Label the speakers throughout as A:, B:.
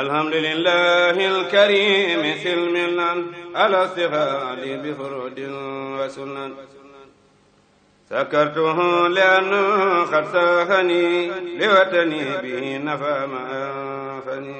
A: alhamdulillahi alkarimi silmilan alastifaad bifurud wa sunan sakartuhu lianna qad saahani liwatani bihi nafa ma anfani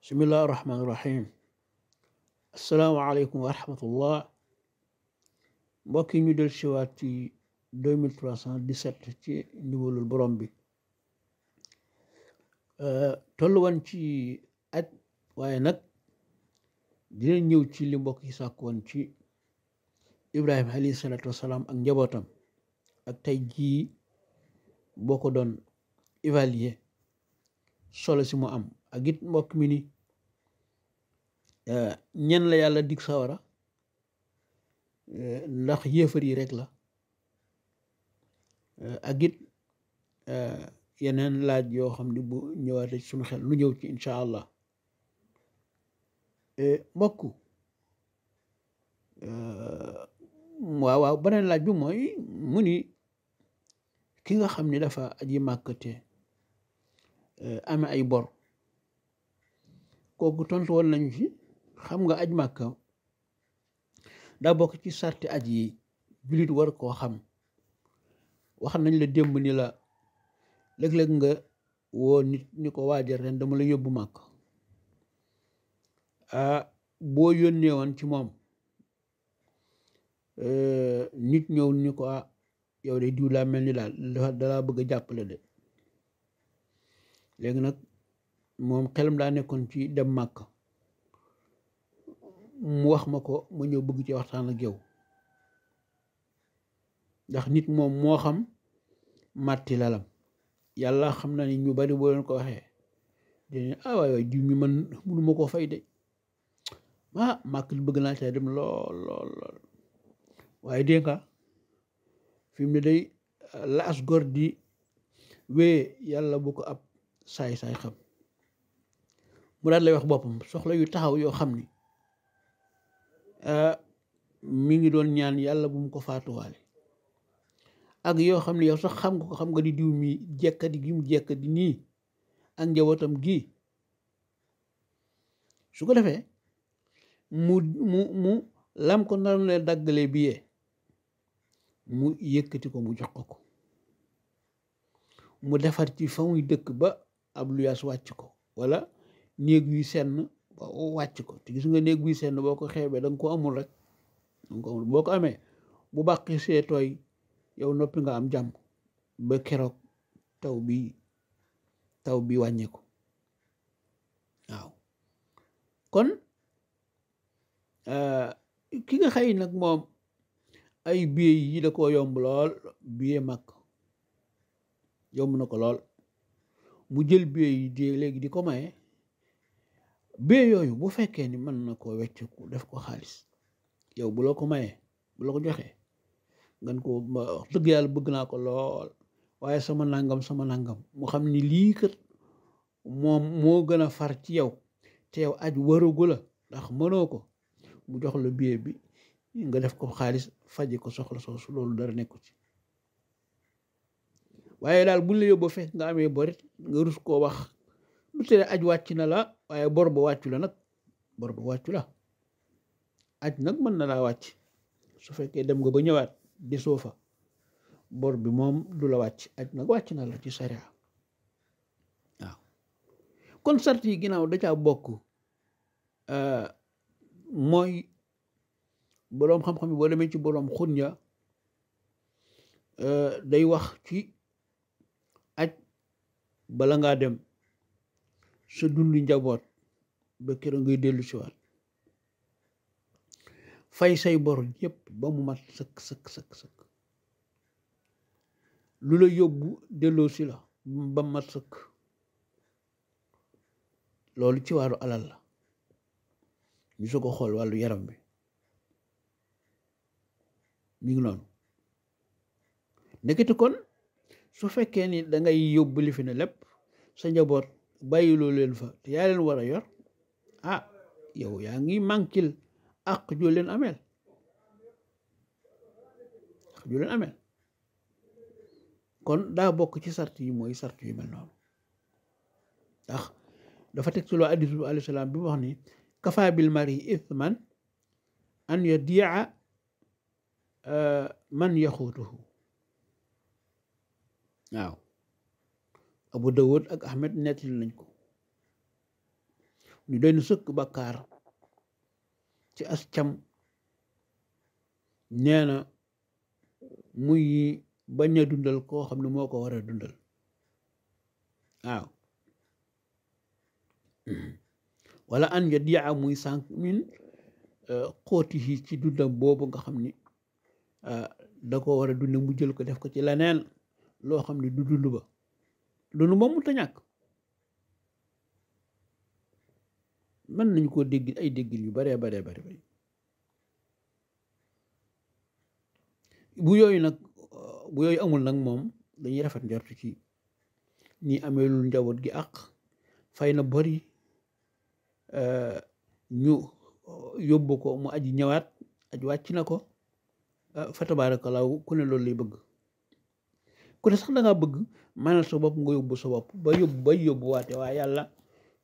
A: bismillahi rahmaani rahiim assalaamu aleykum wa rahmatullah mbokk yi ñu del siwaat ci 2317 ci ndigalul borom bi tollu ci at waaye nag dina ñëw ci li mbokk yi sàkkoon ci ibrahima alayhi salaatu wasalaam ak njabootam ak tey jii boo ko doon évaluer solo si mu am ak mbokk mi ni eh, ñen la yàlla dig sawara eh, ndax yéfar yi rek la eh, ak yeneen laaj yoo xam ne bu ñëwaatee ci suñu xel lu ñëw ci incha allah e, mbokk e, waaw waaw beneen laaj bi mooy mu ni ki nga xam ni dafa aji màkkate e, amee ay bor kooku tontu woon nañu ci xam nga aj màkka daa bokk ci sarti aj yi jullit war koo xam wax nañ la démb ni la léeg nga woo nit ni ko waajal ren dama la yóbbu màkk ah boo yónnee woon ci moom eh, nit ñëw ni ko ah, yow de laa mel ni daal bëgg a jàppale de léegi nag moom xelam daa nekkoon ci dem màkk mu wax ma ko ma ñëw bëgg ci waxtaan ak yow ndax nit moom moo xam màtti lalam yàlla xam na ni ñu bari boo leen ko waxee dinañ ah waay waay diw mi man mënu ma koo fay de ah màkk bëgg naa caa dem lool lool lool waaye dégg nga fi mu ne day laas gor di wee yàlla bu ko ab saay-saay xam mu daal lay wax boppam soxla yu taxaw yoo xam ni ah, mu ngi doon ñaan yàlla bu mu ko faatuwaale ak yoo xam ne yow sax xam nga ko xam nga di diw mi jekkati gi mu jekkati nii ak njabootam gii su ko defee mu mu mu lam ko naroon la bi billet mu yëkkati ko mu jox ko ko mu defar ci fa muy dëkk ba ab luyaas wàcc ko wala néeg yuy senn ba wàcc ko te gis nga néeg yuy senn boo ko xeebee da nga ko amul rek ko boo ko amee bu bàqi see tooy yow noppi nga am jàmm ba keroog taw bi taw bi wàññeeku waaw kon eh, ki nga xëy nag moom ay biye yi da koo yomb lool biye mag yomb na ko lool mu jël biye yi di léegi di ko maye biye yooyu bu fekkee ni mën na koo wecceku def ko xaalis yow bu loo ko maye bu loo ko joxe ngeen ko dëgg yàlla bëgg naa ko lool waaye sama nangam sama nangam mu xam ni lii moo gën a far ci yow te aj waragu ndax mënoo ko mu jox la bi nga def ko xaalis faje ko soxla soosu loolu dara nekku ci waaye daal bu la yóbboo fee nga amee borit nga rus koo wax lu tere aj wàcc na la waaye bor ba wàccu la nag bor ba wàccu la aj nag mën na laa wàcc su fekkee dem nga ba ñëwaat desoo fa bor bi moom du la wàcc aj nag wàcc na la ci sariya waaw kon sart yi ginnaaw da caa bokk euh, mooy boroom xam-xam yi boo demee ci boroom xunja euh, day wax ci aj bala ngaa dem sa dundu njaboot ba keroog ngay dellu si waat fay say bor yépp ba mu mat sëkk sëkk sëkk lu la yóbbu delloosi la ba mu mat sëkk loolu ci wàllu alal la ñu su ko xool wàllu yaram bi mi ngi noonu nekkati kon su fekkee ni dangay yóbbu li ne lépp sa njaboot bàyyiloo leen fa te yaa leen war a yor ah yow yaa ngi mànkil àq joo leen ameel àq joo leen kon daa bokk ci sart yi mooy sart yu mel noonu ndax dafa teg ci loo addis bi alayhi salaam bi mu wax ni kafa bil mari ithman an yadia eh, man yaxuutuhu waaw abu dawud ak ahmed nettali nañ ko ñu doy na sëkk bàkkaar ci as cam nee muy bañ dundal koo xam ne moo ko war a dundal waaw wala an ya diya muy sànq min uh, xóoti yi ci dundam boobu nga xam ni uh, da ko war a dunde mu jël ko def ko ci leneen loo xam ne du dund ba dund ba mu ta ñàkk mën nañ koo dégg ay déggin yu baree bare bari bari bu yooyu nag bu yooyu amul nag moom dañuy rafet njortu ci ñi amee lu njaboot gi àq fay na bari euh, ñu yóbbu ko mu aji ñëwaat aj wàcc na ko euh, fa tabaarakallaahu ku ne loolu lay bëgg ku ne sax da ngaa bëgg maanaam sa bopp nga yóbbu sa ba yóbbu waate waa yàlla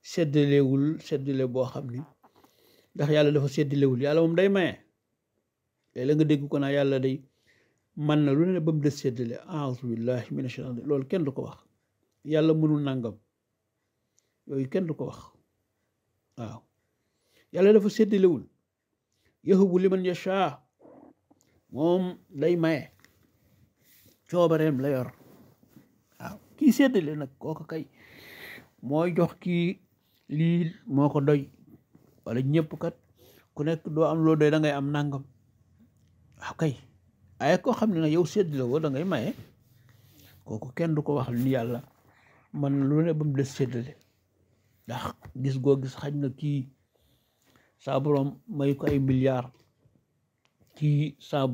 A: seddalewul seddale boo xam ni ndax yàlla dafa seddalewul yàlla moom day maye léeg la nga dégg ko naa yàlla dey man na lu ne ba mu des seddale a'uuzu billahi mina shaytaan loolu kenn du ko wax yàlla mënul nàngam yooyu kenn du ko wax yàlla dafa seddalewul yahabu liman yashaa moom day maye coobareem la yor waaw kii seddale nag kooku kay mooy jox kii lii moo ko doy walla ñëpp kat ku nekk doo am loo doy da ngay am nangam waaw kay ay xam ne nag yow sedd la woo da ngay maye kooku kenn du ko wax ni yàlla man lu ne ba mu des séddale ndax gis goo gis xañ na kii saa borom may ko ay milliards kii saa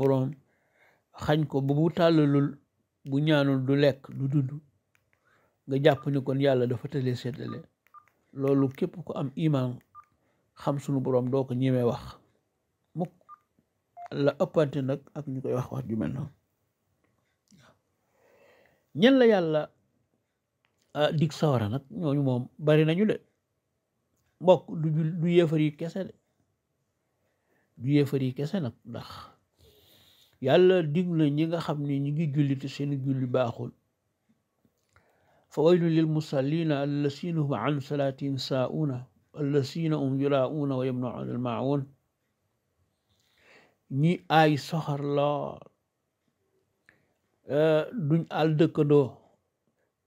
A: xañ ko ba bu tàllalul bu ñaanul du lekk du dund nga jàpp ni kon yàlla dafa sedd la loolu képp ku am iman xam sunu boroom doo ko ñemee wax mukk la ëppante nag ak ñu koy wax wax ju mel noonu ñen la yàlla ah, dig sawara nag ñooñu moom bari nañu de mbokk du du yéefar yi kese de du yéefar yi kese nag ndax yàlla digg na ñi nga xam ni ñi ngi julli seeni seen julli baaxul فويل للمصلين الذين هم عن صلاتهم ساؤون الذين هم يراؤون ويمنعون الماعون ñi ay soxor euh, duñ al dëkkandoo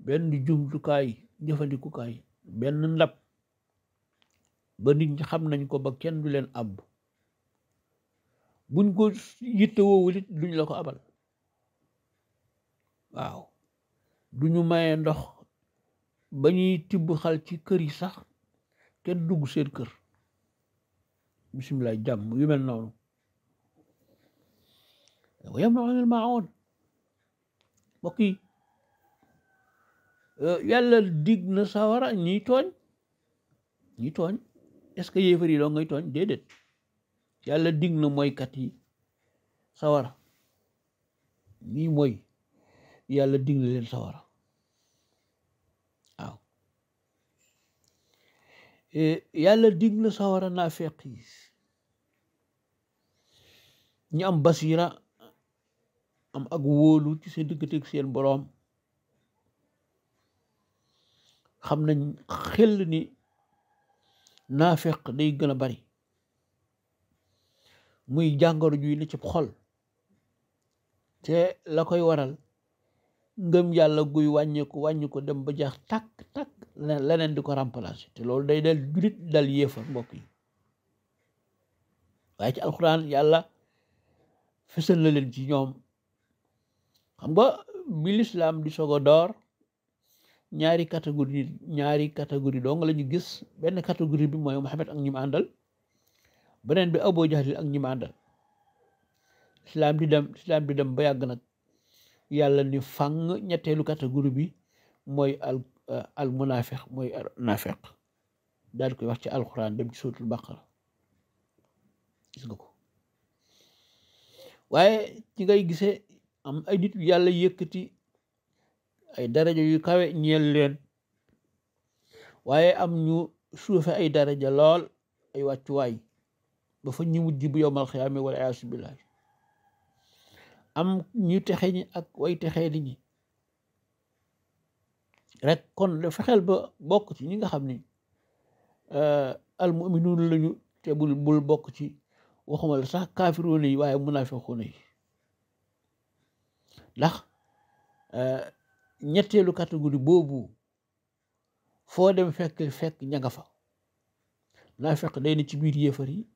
A: benn jumtukaay jëfandikukaay benn ndab ba nit ñi xam nañ ko ba kenn leen ab buñ ko yitte woowul it duñ la ko abal waaw duñu maye ndox ba ñuy tibb xal ci kër yi sax kenn dugg seen kër bisimilah jàmm yu mel noonu wa yamna'una al-maa'un mbokk yi euh, yàlla digg na sawara ñiy tooñ ñiy tooñ est-ce que yéefar yi doo ngay tooñ déedéet yàlla dig na mooykat yi sawara ñii mooy yàlla dig na leen sawara yàlla dig na sawara naafeq yi ñu am basira am ak wóolu ci seen digganteeg seen boroom xam nañ xel ni naafeq day gën a bari muy jàngoro juy ne ci xol te la koy waral ngëm yàlla guy wàññeeku wàññi dem ba jeex tàkk leneen di ko remplacer te loolu day dal julit dal yéefar mbokk yi waaye ci alxuraan yàlla fësal na leen ci ñoom xam nga bi lislaam di soog a door ñaari catégorie ñaari catégorie dong la ñu gis benn catégorie bi mooy Muhammad ak ñi mu àndal beneen bi Abu Jahl ak ñi mu àndal di dem ba yàgg nag yàlla ni fang ñetteelu catégorie bi mooy al munaafiq mooy naafiq daal koy wax ci alquran dem ci suutul baqara gis nga ko waaye ci ngay gisee am ay nit yu yàlla yëkkati ay daraja yu kawe ñeel leen waaye am ñu suufe ay daraja lool ay wàccuwaay ba fa ñu mujj bu yowmal wala ayaasu billaah am ñu texe ñi ak way texee li ñi rek kon fexeel ba bokk ci ñi nga xam ni euh, al muminuun lañu te bul bul bokk ci waxuma sax kaafiroon yi waaye munaafiqoon yi ndax euh, ñetteelu catégorie boobu foo dem fekk fekk ña nga fa naa fekk day ne ci biir yéefar yi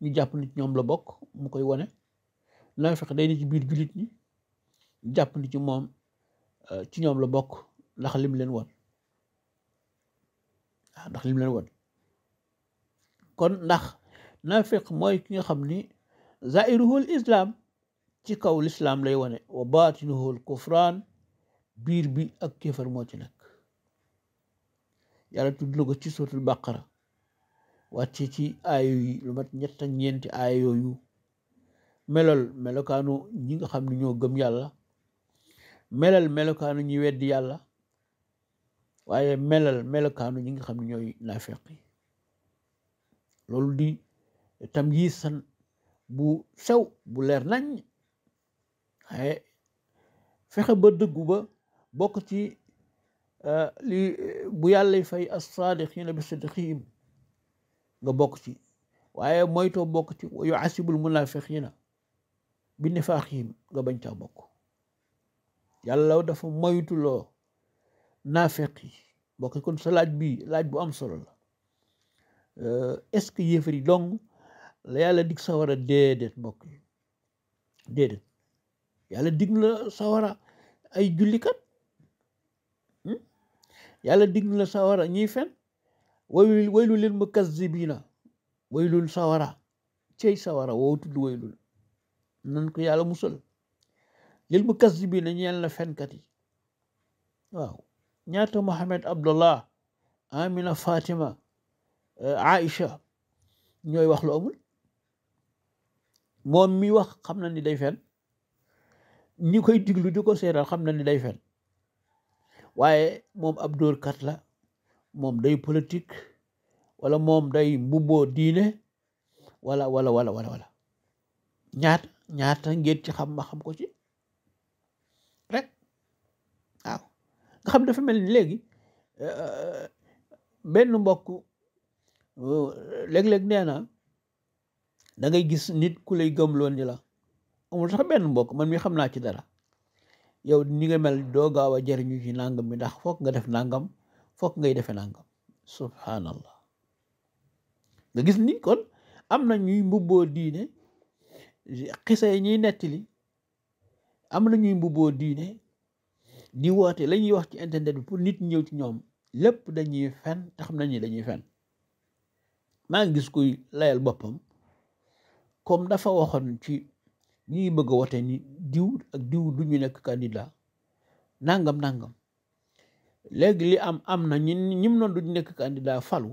A: ñu jàpp ni ñoom la bokk mu koy wone naa fekk day ne ci biir jullit ñi jàpp ni ci moom euh, ci ñoom la bokk ndax lim leen woon ah, ndax lim leen woon kon ndax naafiq mooy ki nga xam ni zairuhul islaam ci kaw lislaam lay wane wa baatinuhul kufraan biir bi ak kéefar moo ci nekk yàlla tudd ko ci suratul baqara wàcce ci aayo yi lu mat ñett ak ñeenti aayo yooyu melal melokaanu ñi nga xam ne ñoo gëm yàlla melal melokaanu ñi weddi yàlla waaye melal melokaanu ñi nga xam ne ñooy naafeq yi loolu di tam yi san bu sew bu leer nañ waaye fexe ba dëggu ba bokk ci euh, li bu yàlla fay as-saadiqiina bi sidqihim nga bokk ci waaye moytoo bokk ci yu asibul munaafiqiina bi nifaaqihim nga bañ bokk yàlla dafa moytuloo naafeq yi mbokk kon sa laaj bi laaj bu am solo la euh, est yi dong la yàlla dig sawara déedéet mbokk yi déedéet yàlla dig na sawara ay jullikat hmm? yàlla dig na sawara ñiy fen waylul waylul lil mukazzibina waylul sawara cey sawara woow tudd waylul nan ko yàlla musal lil mukazzibina ñeel na fenkat yi waaw ñaata Mohamed Abdallah Amina Fatima eh, Aïcha ñooy wax lu amul moom mi wax xam na ni day fen ñi koy diglu di ko seetal xam na ni day fen waaye moom ab dóorkat la moom day politique wala moom day mbubboo diine wala wala wala wala wala ñaata ñaata ngeen ci xam ma xam ko ci nga xam dafa mel ni léegi euh, benn mbokk euh, léeg-léeg nee na da gis nit ku lay gëmloon ni la amul sax benn mbokk man mii xam naa ci dara yow ni nga mel doo gaaw a jariñu ci nangam mi ndax foog nga def nangam foog ngay defe nangam subhanallah nga gis ni kon am na ñuy mbubboo diine xisa yi ñuy nettili am na ñuy mbubboo diine di woote la ñuy wax ci internet bi pour nit ñëw ci ñoom lépp dañuy fen te xam nañu dañuy fen maa ngi gis kuy layal boppam comme dafa waxoon ci ñuy bëgg a woote ni diw ak diw du ñu nekk candidat nangam nangam léegi li am am na ñun ñim noonu duñu nekk candidat falu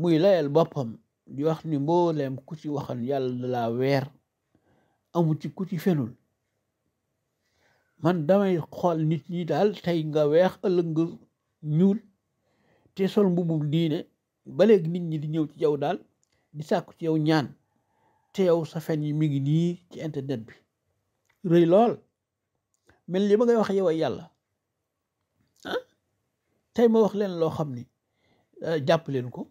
A: muy layal boppam di wax ni mbooleem ku ci waxan yàlla la weer amu ci ku ci fenul man damay xool nit ñi daal tey nga weex ëllëg nga ñuul te sol mbubu diine ba léegi nit ñi di ñëw ci yow daal di sàkku ci yow ñaan te yow sa fen yi mi ngi nii ci internet bi rëy lool mel li ma ngay wax yow ay yàlla ah tey ma wax leen loo xam ni ah, jàpp leen ko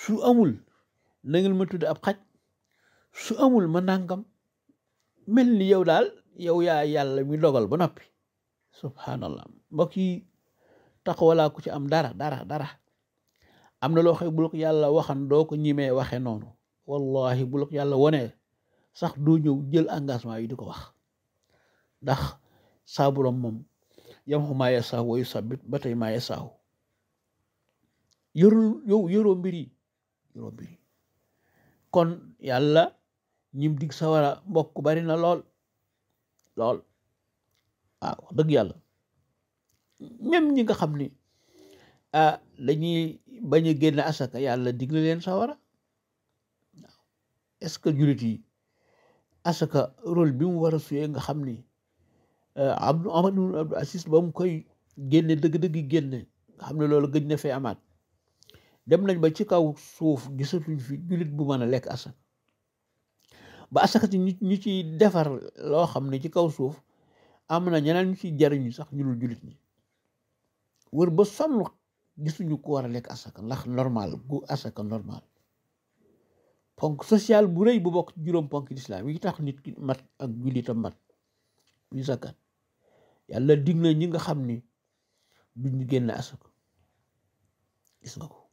A: su amul na ma tudd ab xaj su amul ma nàngam mel ni yow daal yow yaa yàlla mi dogal ba noppi subhanallah mbokk yi taqwalaa ku ci am dara dara dara am na loo xam yàlla waxan doo ko ñimee waxe noonu wallahi bu la yàlla wonee sax doo ñëw jël engagement yi di ko wax ndax saa borom moom yamhu maa yasaaw wa yusabbit ba tey maa yasaaw yërul yow yëroo mbir yi yëroo mbir yi kon yàlla ñim dig sawara mbokk bari na lool lool waaw dëgg yàlla même ñi nga xam ni ah dañuy bañ a génn asaka yàlla digle leen sawara waaw est-ce que jullit yi asaka rôle bi mu war a suyee nga xam ni Abdou Omar ibn Abdou Aziz koy génne dëgg-dëgg génne nga xam ne loolu gëj na fee amaat dem nañ ba ci kaw suuf gisatuñ fi jullit bu mën a lekk asaka ba asaka si ñu ci defar loo xam ne ci kaw suuf am na ñeneen ñu ciy jariñu sax ñu dul jullit ñi wër ba sonn gisuñu ko war a lekk asaka ndax normal gu asaka normal ponk social bu rëy bu bokk ci juróom ponk lislaam yi tax nit mat ak jullitam mat ñu sakkat yàlla dig na ñi nga xam ni duñu génn asaka gis nga ko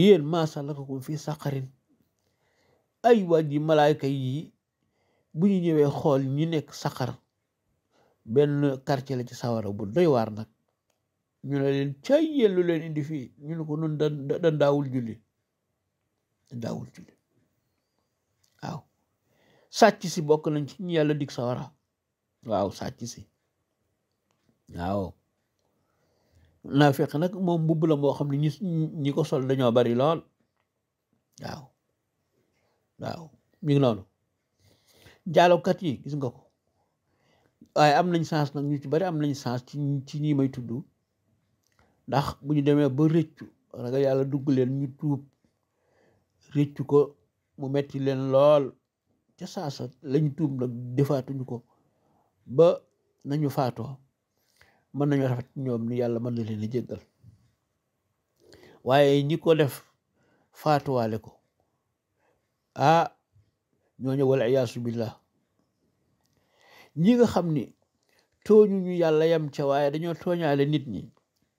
A: yéen maa salakakum fii saqarin ay waa ji malaayka yi bu ñu ñëwee xool ñi nekk saxar benn quartier la ci sawara bu doy waar nag ñu ne leen cay yellu leen indi fii ñu ne ko nun dan daawul julli dan daawul julli sàcc si bokk nañ ci ñi yàlla dig sawara waaw sàcc si waaw naa fekk nag moom mbubb la moo xam ne ñi ko sol dañoo bari lool waaw waaw ñu noonu jaalokat yi gis nga ko waaye am nañ chance nag ñu ci bari am nañ chance ci ci ñi may tudd ndax bu ñu demee ba rëccu ragal yàlla dugg leen ñu tuub rëccu ko mu metti leen lool ca saasa lañ tuub nag defaatuñu ko ba nañu faatoo mën nañu rafet ñoom ni yàlla mën na leen a jéggal waaye ñi ko def faatuwaale ko ah ñooñu wala iyaasu ñi nga xam ni tooñu ñu yàlla yam ca waaye dañoo tooñaale nit ñi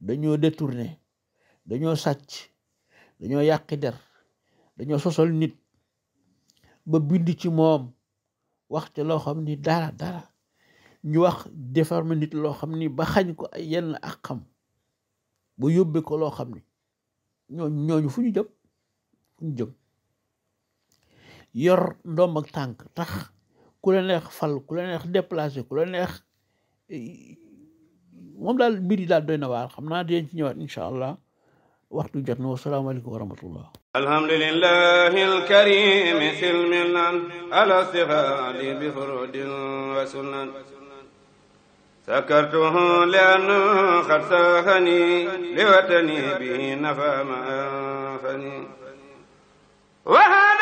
A: dañoo détourné dañoo sàcc dañoo yàqi der dañoo sosol nit ba bind ci moom waxte ca loo xam ni dara dara ñu wax déforme nit loo xam ni ba xañ ko ay yenn ak xam ba yóbbe ko loo xam ni ñooñu ñooñu fu ñu jëm fu ñu jëm yor ndoom ak tànk tax ku la neex fal ku la neex déplacé ku la neex eh, moom daal mbir yi daal doy na waar xam naa dinañ ci ñëwaat incha allah waxtu jot na wa salaamaaleykum wa rahmatullah alhamdulillahi alkarim silmilan ala sihali bi furudin wa sunan سكرته لأنه قد ساخني لوطني به نفى ما أنفني